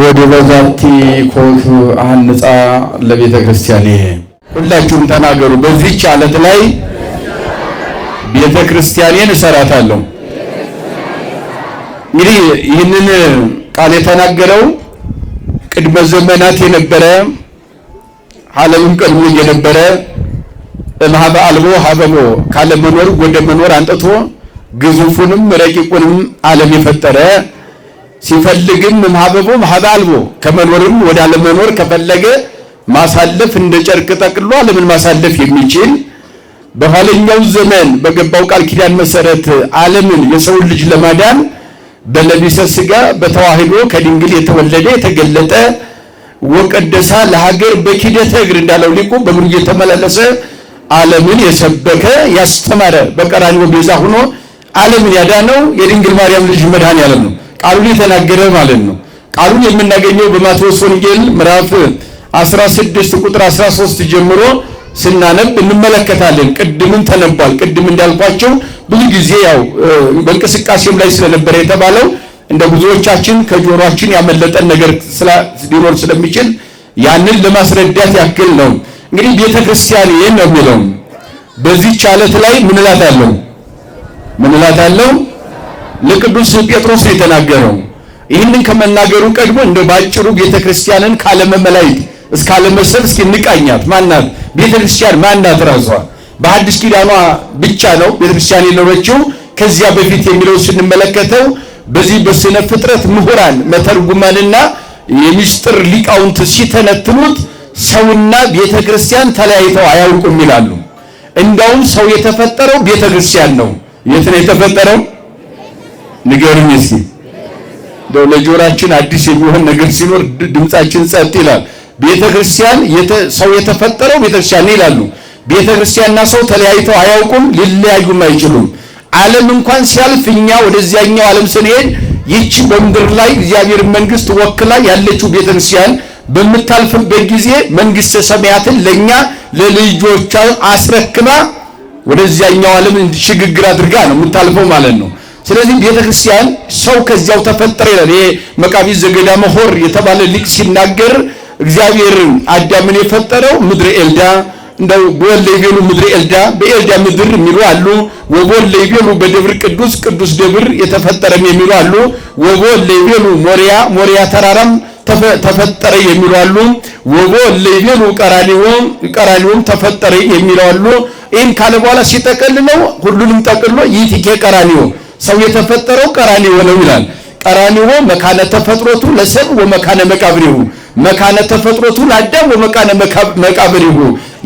ወደ በዛቲ ኮት አንጻ ለቤተ ክርስቲያን ሁላችሁም ተናገሩ። በዚች አለት ላይ ቤተ ክርስቲያኔን እሰራታለሁ። እንግዲህ ይህንን ቃል የተናገረው ቅድመ ዘመናት የነበረ ዓለምም ቀድሞ የነበረ እምኀበ አልቦ ካለ ካለመኖር ወደ መኖር አንጥቶ ግዙፉንም ረቂቁንም ዓለም የፈጠረ ሲፈልግም ማበቦ ማባልቦ ከመኖርም ወደ አለመኖር ከፈለገ ማሳለፍ እንደ ጨርቅ ጠቅሎ ዓለምን ማሳለፍ የሚችል በኋለኛው ዘመን በገባው ቃል ኪዳን መሰረት ዓለምን የሰውን ልጅ ለማዳን በለቢሰ ስጋ በተዋህዶ ከድንግል የተወለደ የተገለጠ ወቀደሳ ለሀገር በኪደተ እግር እንዳለው ሊቁ በእግሩ እየተመላለሰ ዓለምን የሰበከ ያስተማረ በቀራንዮ ቤዛ ሆኖ ዓለምን ያዳነው የድንግል ማርያም ልጅ መድኃኔዓለም ነው። ቃሉን የተናገረ ማለት ነው። ቃሉን የምናገኘው በማቴዎስ ወንጌል ምዕራፍ 16 ቁጥር 13 ጀምሮ ስናነብ እንመለከታለን። ቅድምን ተነቧል። ቅድም እንዳልኳቸው ብዙ ጊዜ ያው በእንቅስቃሴም ላይ ስለነበረ የተባለው እንደ ብዙዎቻችን ከጆሮአችን ያመለጠን ነገር ሊኖር ስለሚችል ያንን ለማስረዳት ያክል ነው። እንግዲህ ቤተ ክርስቲያን ይህን ነው የሚለው። በዚህ ቻለት ላይ ምንላት አለው? ምንላት አለው ለቅዱስ ጴጥሮስ የተናገረው። ይህንን ከመናገሩ ቀድሞ እንደ ባጭሩ ቤተክርስቲያንን ካለመመላየት እስከ አለመሰል እስኪ እንቃኛት። ማናት ቤተክርስቲያን? ማናት ራሷ በአዲስ ኪዳኗ ብቻ ነው ክርስቲያን የኖረችው። ከዚያ በፊት የሚለው ስንመለከተው በዚህ በስነ ፍጥረት ምሁራን መተርጉማንና የሚስጥር ሊቃውንት ሲተነትኑት ሰውና ቤተክርስቲያን ተለያይተው አያውቁም ይላሉ። እንዳውም ሰው የተፈጠረው ቤተክርስቲያን ነው። የት ነው የተፈጠረው? ንገሩኝ እስኪ። እንደው ለጆራችን አዲስ የሚሆን ነገር ሲኖር ድምጻችን ጸጥ ይላል። ቤተክርስቲያን ሰው የተፈጠረው ቤተክርስቲያን ይላሉ። ቤተክርስቲያንና ሰው ተለያይተው አያውቁም፣ ሊለያዩም አይችሉም። ዓለም እንኳን ሲያልፍ እኛ ወደዚያኛው ዓለም ስንሄድ ይቺ በምድር ላይ እግዚአብሔር መንግስት ወክላ ያለችው ቤተክርስቲያን በምታልፍበት ጊዜ መንግስተ ሰማያትን ለኛ ለልጆቿ አስረክባ ወደዚያኛው ዓለም ሽግግር አድርጋ ነው የምታልፈው ማለት ነው። ስለዚህ ቤተ ክርስቲያን ሰው ከዚያው ተፈጠረ ይላል። ይሄ መቃቢስ ዘገዳ መሆር የተባለ ሊቅ ሲናገር እግዚአብሔር አዳምን የፈጠረው ምድረ ኤልዳ እንደው ወለይቤሉ ምድረ ኤልዳ በኤልዳ ምድር የሚሉ አሉ። ወወለይቤሉ በደብር ቅዱስ ቅዱስ ደብር የተፈጠረም የሚሉ አሉ። ወወለይቤሉ ሞሪያ ሞሪያ ተራራም ተፈጠረ የሚሉ አሉ። ወወለይቤሉ ቀራኒዎም ቀራኒዎም ተፈጠረ የሚሉ አሉ። ይህን ካለ በኋላ ሲጠቀልለው ሁሉንም ጠቅሎ ይትኬ ቀራኒዎ ሰው የተፈጠረው ቀራኒዮ ነው ይላል። ቀራኒዮ መካነ ተፈጥሮቱ ለሰብ ወመካነ መቃብሪሁ መካነ ተፈጥሮቱ ለአዳም ወመካነ መቃብሪሁ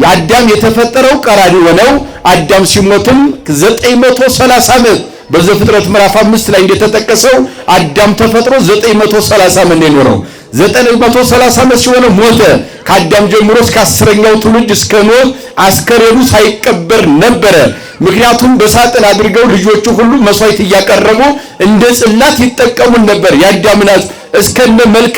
የአዳም የተፈጠረው ቀራኒዮ ነው። አዳም ሲሞትም 930 ዓመት በዘፍጥረት ምዕራፍ አምስት ላይ እንደተጠቀሰው አዳም ተፈጥሮ 930 ዓመት ነው የኖረው። ዘጠኝ መቶ ሰላሳ ዓመት ሲሆነው ሞተ። ከአዳም ጀምሮ እስከ አስረኛው ትውልድ እስከ ኖህ አስከሬኑ ሳይቀበር ነበረ። ምክንያቱም በሳጥን አድርገው ልጆቹ ሁሉ መስዋዕት እያቀረቡ እንደ ጽላት ይጠቀሙን ነበር። ያዳምናት እስከነ መልከ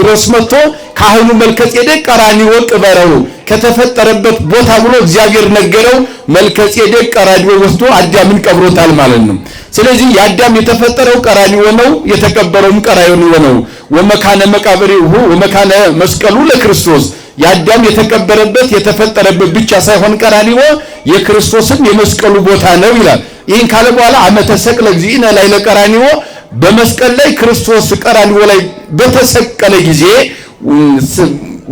ድረስ መጥቶ ካህኑ መልከጼዴቅ ቀራኒዎን ቅበረው ከተፈጠረበት ቦታ ብሎ እግዚአብሔር ነገረው። መልከጼዴቅ ቀራኒዎ ወስዶ አዳምን ቀብሮታል ማለት ነው። ስለዚህ የአዳም የተፈጠረው ቀራኒዎ ነው፣ የተቀበረውም ቀራኒዎ ነው። ወመካነ መቃብሪሁ ወመካነ መስቀሉ ለክርስቶስ የአዳም የተቀበረበት የተፈጠረበት ብቻ ሳይሆን ቀራኒዎ የክርስቶስም የመስቀሉ ቦታ ነው ይላል። ይህን ካለ በኋላ አመተ ሰቅለ እግዚእነ ላዕለ ቀራኒዎ በመስቀል ላይ ክርስቶስ ቀራኒዎ ላይ በተሰቀለ ጊዜ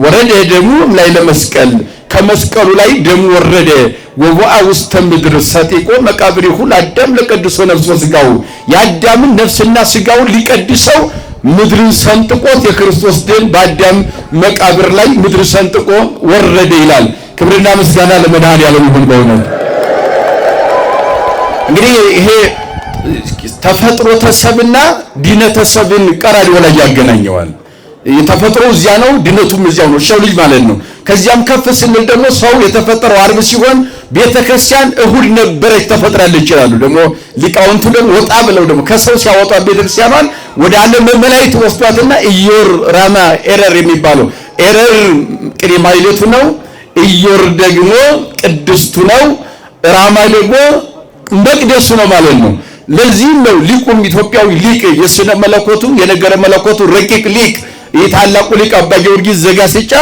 ወረደ ደሙ ላይ ለመስቀል ከመስቀሉ ላይ ደሙ ወረደ። ወወአ ውስተ ምድር ሰጢቆ መቃብሪሁ ለአዳም ለቀድሶ ነፍስ ስጋው የአዳምን ነፍስና ስጋውን ሊቀድሰው ምድርን ሰንጥቆት የክርስቶስ ደም በአዳም መቃብር ላይ ምድር ሰንጥቆ ወረደ ይላል። ክብርና ምስጋና ለመድኃኔዓለም ይሁን። በእውነት እንግዲህ ይሄ ዲነ ዲነተሰብን ቀራድዮ ላይ ያገናኘዋል። የተፈጥሮ እዚያ ነው፣ ድነቱም እዚያው ነው ሰው ልጅ ማለት ነው። ከዚያም ከፍ ስንል ደግሞ ሰው የተፈጠረው አርብ ሲሆን ቤተክርስቲያን እሁድ ነበረች ተፈጥራለች ይችላሉ። ደግሞ ሊቃውንቱ ደግሞ ወጣ ብለው ደግሞ ከሰው ሲያወጣ ቤተ ወደ ዓለም መላእክት ወስዷትና ኢዮር ራማ ኤረር የሚባለው ኤረር ቅኔ ማሕሌቱ ነው። ኢዮር ደግሞ ቅድስቱ ነው። ራማ ደግሞ መቅደሱ ነው ማለት ነው። ለዚህም ነው ሊቁም ኢትዮጵያዊ ሊቅ የስነ መለኮቱ የነገረ መለኮቱ ረቂቅ ሊቅ ይህ ታላቁ ሊቅ አባ ጊዮርጊስ ዘጋስጫ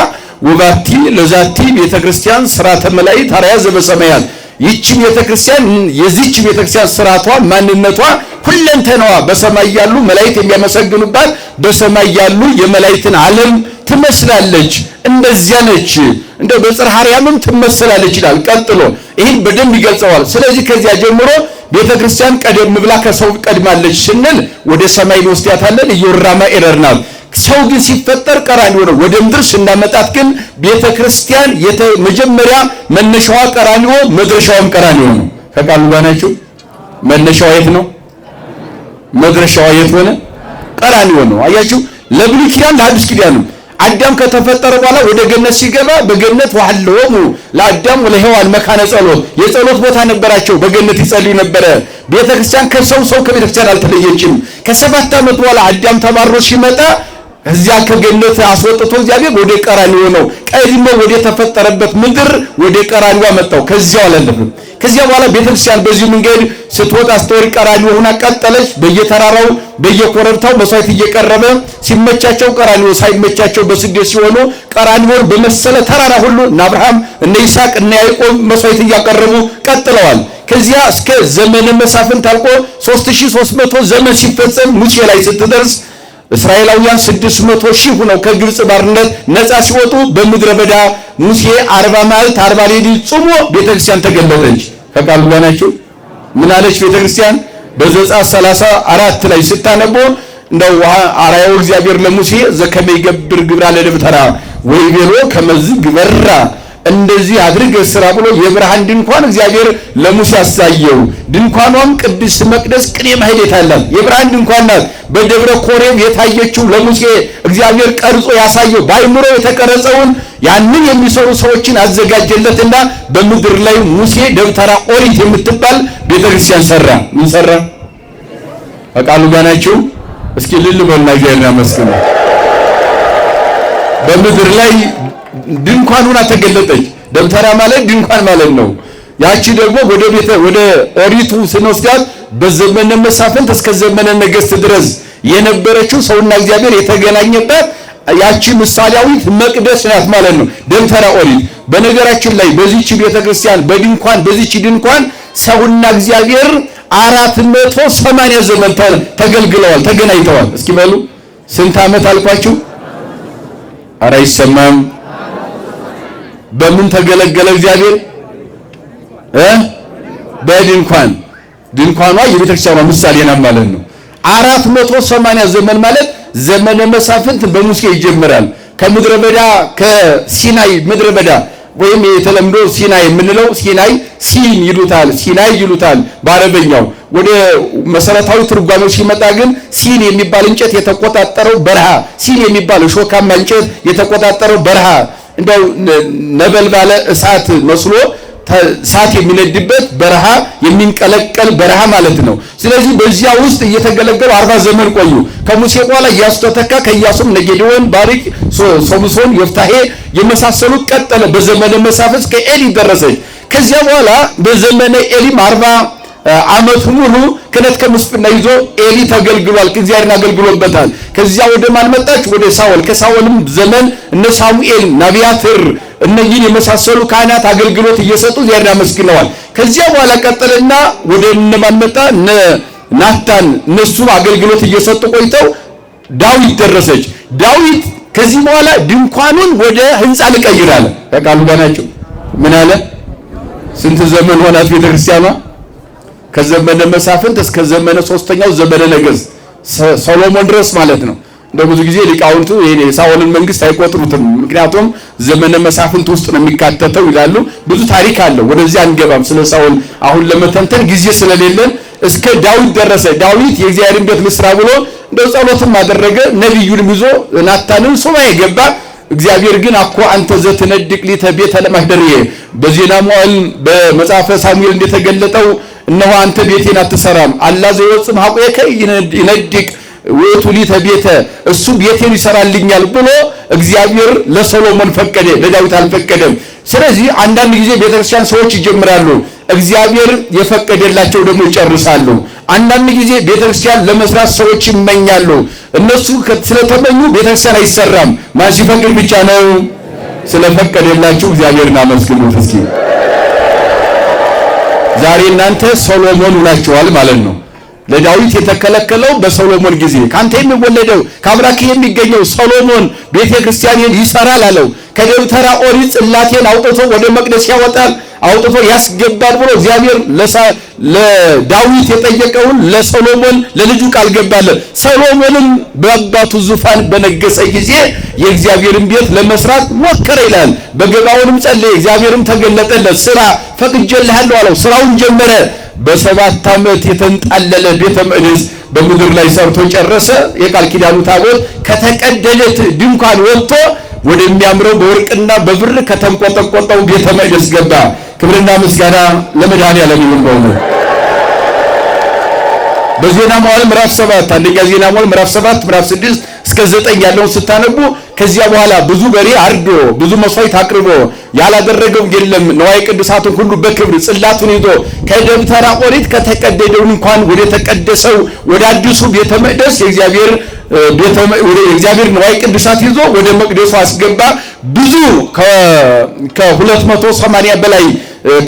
ውባቲ ለዛቲ ቤተክርስቲያን ስርዓተ መላእክት አርያዘ በሰማያት ይቺ ቤተክርስቲያን የዚች ቤተክርስቲያን ስርዓቷ፣ ማንነቷ፣ ሁለንተናዋ በሰማይ ያሉ መላእክት የሚያመሰግኑባት በሰማይ ያሉ የመላእክትን ዓለም ትመስላለች። እንደዚያ ነች። እንደ በጽርሐ አርያምም ትመስላለች ይላል። ቀጥሎ ይህን በደንብ ይገልጸዋል። ስለዚህ ከዚያ ጀምሮ ቤተክርስቲያን ቀደም ብላ ከሰው ቀድማለች ስንል ወደ ሰማይ ወስዳታለን። እየወራማ ኤረር ናት። ሰው ግን ሲፈጠር ቀራንዮ ነው። ወደ ምድር ስናመጣት ግን ቤተ ክርስቲያን የመጀመሪያ መነሻዋ ቀራንዮ፣ መድረሻዋም ቀራንዮ ነው። ከቃሉ ጋር ናችሁ። መነሻዋ የት ነው? መድረሻዋ የት ሆነ? ቀራንዮ ነው። አያችሁ፣ ለብሉይ ኪዳን ለአዲስ ኪዳን አዳም ከተፈጠረ በኋላ ወደ ገነት ሲገባ በገነት ዋህለወሙ ለአዳም ወለሔዋን መካነ ጸሎት የጸሎት ቦታ ነበራቸው። በገነት ይጸልዩ ነበረ። ቤተክርስቲያን ከሰው ሰው ከቤተክርስቲያን አልተለየችም። ከሰባት ዓመት በኋላ አዳም ተባሮ ሲመጣ እዚያ ከገነት አስወጥቶ እግዚአብሔር ወደ ቀራኒዮ ነው ቀድሞ ወደ ተፈጠረበት ምድር ወደ ቀራኒዮ አመጣው። ከዚያው አላለፍም። ከዚያ በኋላ ቤተክርስቲያን በዚህ መንገድ ስትወጣ ስትወርድ ቀራኒዮ ሆና ቀጠለች። በየተራራው በየኮረብታው መስዋዕት እየቀረበ ሲመቻቸው ቀራኒዮ፣ ሳይመቻቸው በስደት ሲሆኑ ቀራኒዮን በመሰለ ተራራ ሁሉ እነ አብርሃም እነ ይስሐቅ እነ ያዕቆብ መስዋዕት እያቀረቡ ቀጥለዋል። ከዚያ እስከ ዘመነ መሳፍንት አልቆ 3300 ዘመን ሲፈጸም ሙሴ ላይ ስትደርስ እስራኤላውያን ስድስት መቶ ሺህ ሆነው ከግብፅ ባርነት ነፃ ሲወጡ በምድረ በዳ ሙሴ አርባ መዓልት አርባ ሌሊት ጾሞ ቤተክርስቲያን ተገለጠች። ከቃሉ ጋር ናችሁ። ምን አለች ቤተክርስቲያን? በዘጸአት ሰላሳ አራት ላይ ስታነቦ እንደው አርአያው እግዚአብሔር ለሙሴ ዘከመ ይገብር ግብራ ለደብተራ ወይ ቤሎ ከመዝ ግበራ እንደዚህ አድርግ ስራ ብሎ የብርሃን ድንኳን እግዚአብሔር ለሙሴ አሳየው። ድንኳኗም ቅድስት መቅደስ ቅኔ ማህሌት አላት፣ የብርሃን ድንኳን ናት። በደብረ ኮሬብ የታየችው ለሙሴ እግዚአብሔር ቀርጾ ያሳየው በአይምሮ የተቀረጸውን ያንን የሚሰሩ ሰዎችን አዘጋጀለትና በምድር ላይ ሙሴ ደብተራ ኦሪት የምትባል ቤተክርስቲያን ሰራ። ምን ሰራ? በቃሉ ጋናችሁ እስኪ ልል በሉ፣ እግዚአብሔርን በምድር ላይ ድንኳን ሆና ተገለጠች። ደብተራ ማለት ድንኳን ማለት ነው። ያቺ ደግሞ ወደ ቤተ ወደ ኦሪቱ ስንወስዳት በዘመነ መሳፍንት እስከ ዘመነ ነገሥት ድረስ የነበረችው ሰውና እግዚአብሔር የተገናኘበት ያቺ ምሳሌያዊት መቅደስ ናት ማለት ነው። ደብተራ ኦሪት። በነገራችን ላይ በዚህች ቤተክርስቲያን በድንኳን በዚህች ድንኳን ሰውና እግዚአብሔር አራት መቶ ሰማንያ ዘመን ተገልግለዋል፣ ተገናኝተዋል። እስኪ በሉ ስንት ዓመት አልኳችሁ? አራ አይሰማም። በምን ተገለገለ እግዚአብሔር እ በድንኳን ድንኳኗ የቤተክርስቲያኗ ምሳሌ ናት ማለት ነው። አራት መቶ ሰማንያ ዘመን ማለት ዘመነ መሳፍንት በሙሴ ይጀምራል። ከምድረ በዳ ከሲናይ ምድረ በዳ ወይም የተለምዶ ሲናይ የምንለው ሲናይ ሲን ይሉታል፣ ሲናይ ይሉታል በአረበኛው። ወደ መሰረታዊ ትርጓሜው ሲመጣ ግን ሲን የሚባል እንጨት የተቆጣጠረው በረሃ፣ ሲን የሚባል ሾካማ እንጨት የተቆጣጠረው በረሃ እንደው ነበልባለ እሳት መስሎ እሳት የሚነድበት በረሃ የሚንቀለቀል በረሃ ማለት ነው። ስለዚህ በዚያ ውስጥ እየተገለገሉ አርባ ዘመን ቆዩ። ከሙሴ በኋላ ኢያሱ ተተካ። ከኢያሱም ነጌዴዎን፣ ባሪክ፣ ሶምሶን፣ ዮፍታሄ የመሳሰሉ ቀጠለ። በዘመነ መሳፍንት ከኤሊ ደረሰች። ከዚያ በኋላ በዘመነ ኤሊም አርባ አመት ሙሉ ክህነት ከምስፍና ይዞ ኤሊ ተገልግሏል። እግዚአብሔርን አገልግሎበታል። ከዚያ ወደ ማን መጣች? ወደ ሳውል። ከሳውልም ዘመን እነ ሳሙኤል ናቢያትር፣ እነዚህን የመሳሰሉ ካህናት አገልግሎት እየሰጡ እግዚአብሔርን አመስግነዋል። ከዚያ በኋላ ቀጠለና ወደ እነ ማን መጣ? እነ ናታን። እነሱም አገልግሎት እየሰጡ ቆይተው ዳዊት ደረሰች። ዳዊት ከዚህ በኋላ ድንኳኑን ወደ ህንፃ ልቀይራለ። ከቃሉ ጋር ናቸው። ምን አለ? ስንት ዘመን ሆናት ቤተክርስቲያኗ ከዘመነ መሳፍንት እስከ ዘመነ ሶስተኛው ዘመነ ነገስ ሶሎሞን ድረስ ማለት ነው። እንደ ብዙ ጊዜ ሊቃውንቱ ይሄ የሳኦልን መንግስት አይቆጥሩትም። ምክንያቱም ዘመነ መሳፍንት ውስጥ ነው የሚካተተው ይላሉ። ብዙ ታሪክ አለው። ወደዚህ አንገባም። ስለ ሳኦል አሁን ለመተንተን ጊዜ ስለሌለን እስከ ዳዊት ደረሰ። ዳዊት የእግዚአብሔርን ቤት ልስራ ብሎ እንደው ጸሎትም አደረገ። ነቢዩንም ይዞ ናታንን ሱባኤ ገባ። እግዚአብሔር ግን አኮ አንተ ዘትነድቅ ሊተ ቤተ ለማህደርየ በዜና መዋዕል በመጽሐፈ ሳሙኤል እንደተገለጠው እነሆ አንተ ቤቴን አትሰራም። አላ ይወጽም ሀቁከ ይነድቅ ውእቱ ሊተ ቤተ እሱ ቤቴን ይሰራልኛል ብሎ እግዚአብሔር ለሰሎሞን ፈቀደ፣ ለዳዊት አልፈቀደም። ስለዚህ አንዳንድ ጊዜ ቤተክርስቲያን ሰዎች ይጀምራሉ፣ እግዚአብሔር የፈቀደላቸው ደግሞ ይጨርሳሉ። አንዳንድ ጊዜ ቤተክርስቲያን ለመስራት ሰዎች ይመኛሉ። እነሱ ስለተመኙ ቤተክርስቲያን አይሰራም። ማን ሲፈቅድ ብቻ ነው። ስለፈቀደላችሁ እግዚአብሔርን አመስግኑት እስኪ ዛሬ እናንተ ሶሎሞን ሁናችኋል ማለት ነው። ለዳዊት የተከለከለው በሶሎሞን ጊዜ ካንተ የሚወለደው ከአምላክ የሚገኘው ሶሎሞን ቤተ ክርስቲያንን ይሰራል አለው። ከደብተራ ኦሪት ጽላቴን አውጥቶ ወደ መቅደስ ያወጣል። አውጥቶ ያስገባል ብሎ እግዚአብሔር ለዳዊት የጠየቀውን ለሰሎሞን ለልጁ ቃል ገባለን። ሰሎሞንም በአባቱ ዙፋን በነገሰ ጊዜ የእግዚአብሔርን ቤት ለመስራት ሞከረ ይላል። በገባውንም ጸለየ፣ እግዚአብሔርም ተገለጠለት። ስራ ፈቅጄልሃለሁ አለው። ስራውን ጀመረ። በሰባት ዓመት የተንጣለለ ቤተ መቅደስ በምድር ላይ ሰርቶ ጨረሰ። የቃል ኪዳኑ ታቦት ከተቀደለት ድንኳን ወጥቶ ወደሚያምረው በወርቅና በብር ከተንቆጠቆጠው ቤተ መቅደስ ገባ። ክብርና ምስጋና ለመድኃኔዓለም ይሁን። በሆኑ በዜና መዋዕል ምዕራፍ 7 አንደኛ ዜና መዋዕል ምዕራፍ 7 ምዕራፍ 6 እስከ ዘጠኝ ያለውን ስታነቡ ከዚያ በኋላ ብዙ በሬ አርዶ ብዙ መስዋዕት አቅርቦ ያላደረገው የለም። ነዋይ ቅዱሳትን ሁሉ በክብር ጽላቱን ይዞ ከደብተራ ኦሪት ከተቀደደው እንኳን ወደ ተቀደሰው ወደ አዲሱ ቤተ መቅደስ የእግዚአብሔር የእግዚአብሔር ነዋይ ቅዱሳት ይዞ ወደ መቅደሱ አስገባ። ብዙ ከ280 በላይ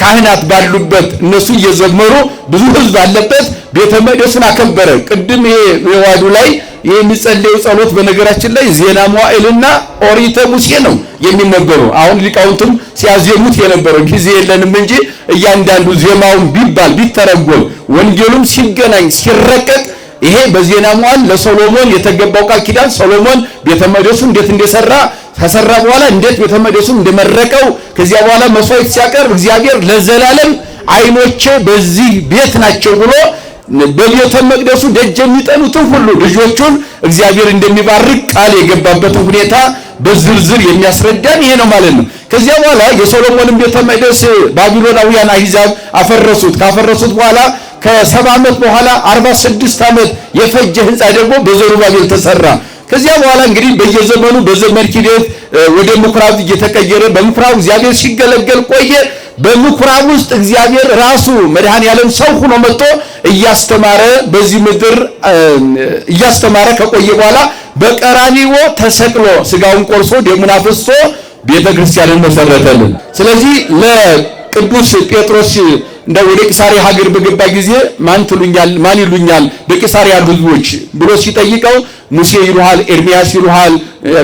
ካህናት ባሉበት እነሱ እየዘመሩ ብዙ ህዝብ አለበት። ቤተ መቅደስን አከበረ። ቅድም ይሄ የዋዱ ላይ የሚጸለየው ጸሎት በነገራችን ላይ ዜና መዋዕልና ኦሪተ ሙሴ ነው የሚነበረው። አሁን ሊቃውንቱም ሲያዜሙት የነበረው ጊዜ የለንም እንጂ እያንዳንዱ ዜማውን ቢባል ቢተረጎም ወንጌሉም ሲገናኝ ሲረቀቅ ይሄ በዜና መዋዕል ለሶሎሞን የተገባው ቃል ኪዳን ሶሎሞን ቤተ መቅደሱ እንዴት እንደሰራ ከሰራ በኋላ እንዴት ቤተ መቅደሱ እንደመረቀው ከዚያ በኋላ መስዋዕት ሲያቀርብ እግዚአብሔር ለዘላለም ዓይኖቼ በዚህ ቤት ናቸው ብሎ በቤተ መቅደሱ ደጅ የሚጠኑትን ሁሉ ልጆቹን እግዚአብሔር እንደሚባርክ ቃል የገባበትን ሁኔታ በዝርዝር የሚያስረዳን ይሄ ነው ማለት ነው። ከዚያ በኋላ የሶሎሞንን ቤተ መቅደስ ባቢሎናውያን አሂዛብ አፈረሱት። ካፈረሱት በኋላ ከሰባ ዓመት በኋላ 46 ዓመት የፈጀ ህንፃ ደግሞ በዘሩባቤል ተሰራ። ከዚያ በኋላ እንግዲህ በየዘመኑ በዘመን ሂደት ወደ ምኩራብ እየተቀየረ በምኩራብ እግዚአብሔር ሲገለገል ቆየ። በምኩራብ ውስጥ እግዚአብሔር ራሱ መድኃኔዓለም ሰው ሆኖ መጥቶ እያስተማረ በዚህ ምድር እያስተማረ ከቆየ በኋላ በቀራኒዎ ተሰቅሎ ስጋውን ቆርሶ ደሙን አፍስሶ ቤተ ክርስቲያንን መሰረተልን። ስለዚህ ለቅዱስ ጴጥሮስ እንደ ወደ ቂሳሪያ ሀገር በገባ ጊዜ ማን ትሉኛል ማን ይሉኛል በቂሳሪያ ያሉ ብሎ ሲጠይቀው ሙሴ ይሉሃል፣ ኤርሚያስ ይሉሃል፣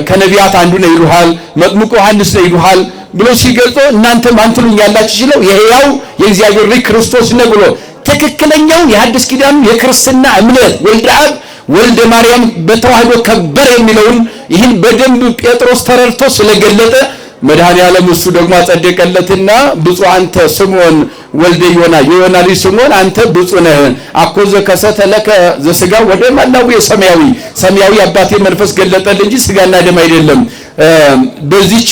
ከነቢያት አንዱ ነው ይሉሃል፣ መጥምቁ ዮሐንስ ነው ይሉሃል ብሎ ሲገልጾ እናንተ ማን ትሉኛላችሁ ሲለው የሕያው የእግዚአብሔር ልጅ ክርስቶስ ነው ብሎ ትክክለኛውን የሐዲስ ኪዳን የክርስትና እምነት ወልደ አብ ወልደ ማርያም በተዋህዶ ከበር የሚለውን ይህን በደንብ ጴጥሮስ ተረድቶ ስለገለጠ መድኃኔ ዓለም እሱ ደግሞ አጸደቀለትና ብፁ አንተ ስምዖን ወልደ ዮና የዮና ልጅ ስምዖን አንተ ብፁ ነህ አኮ ዘከሰተ ለከ ዘስጋ ወደም አልአቡየ የሰማያዊ ሰማያዊ አባቴ መንፈስ ገለጠል እንጂ ሥጋና ደም አይደለም በዚች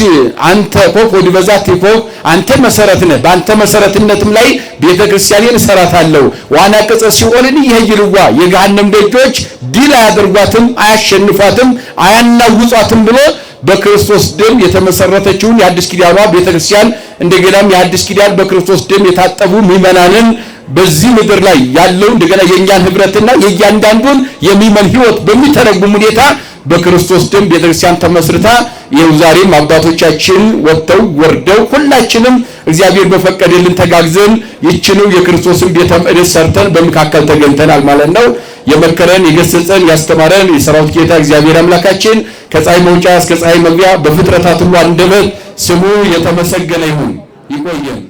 አንተ ኮኮ ዲበዛት ኮክ አንተ መሰረት ነህ። በአንተ መሰረትነትም ላይ ቤተ ክርስቲያኔን እሰራታለሁ። ዋና ቅጽ ሲኦልን ይሄይርዋ የገሃነም ደጆች ድል አያደርጓትም፣ አያሸንፏትም፣ አያናውጿትም ብሎ በክርስቶስ ደም የተመሰረተችውን የአዲስ ኪዳኗ ቤተ ክርስቲያን እንደገናም የአዲስ ኪዳን በክርስቶስ ደም የታጠቡ ምዕመናንን በዚህ ምድር ላይ ያለው እንደገና የእኛን ህብረትና የእያንዳንዱን የሚመን ህይወት በሚተረጉም ሁኔታ በክርስቶስ ደም ቤተክርስቲያን ተመስርታ ይኸው ዛሬም አባቶቻችን ወጥተው ወርደው ሁላችንም እግዚአብሔር በፈቀደልን ተጋግዘን ይችነው የክርስቶስን ቤተ መቅደስ ሰርተን በመካከል ተገኝተናል ማለት ነው። የመከረን የገሰጸን ያስተማረን የሰራዊት ጌታ እግዚአብሔር አምላካችን ከፀሐይ መውጫ እስከ ፀሐይ መግቢያ በፍጥረታት ሁሉ አንደበት ስሙ የተመሰገነ ይሁን። ይቆየን።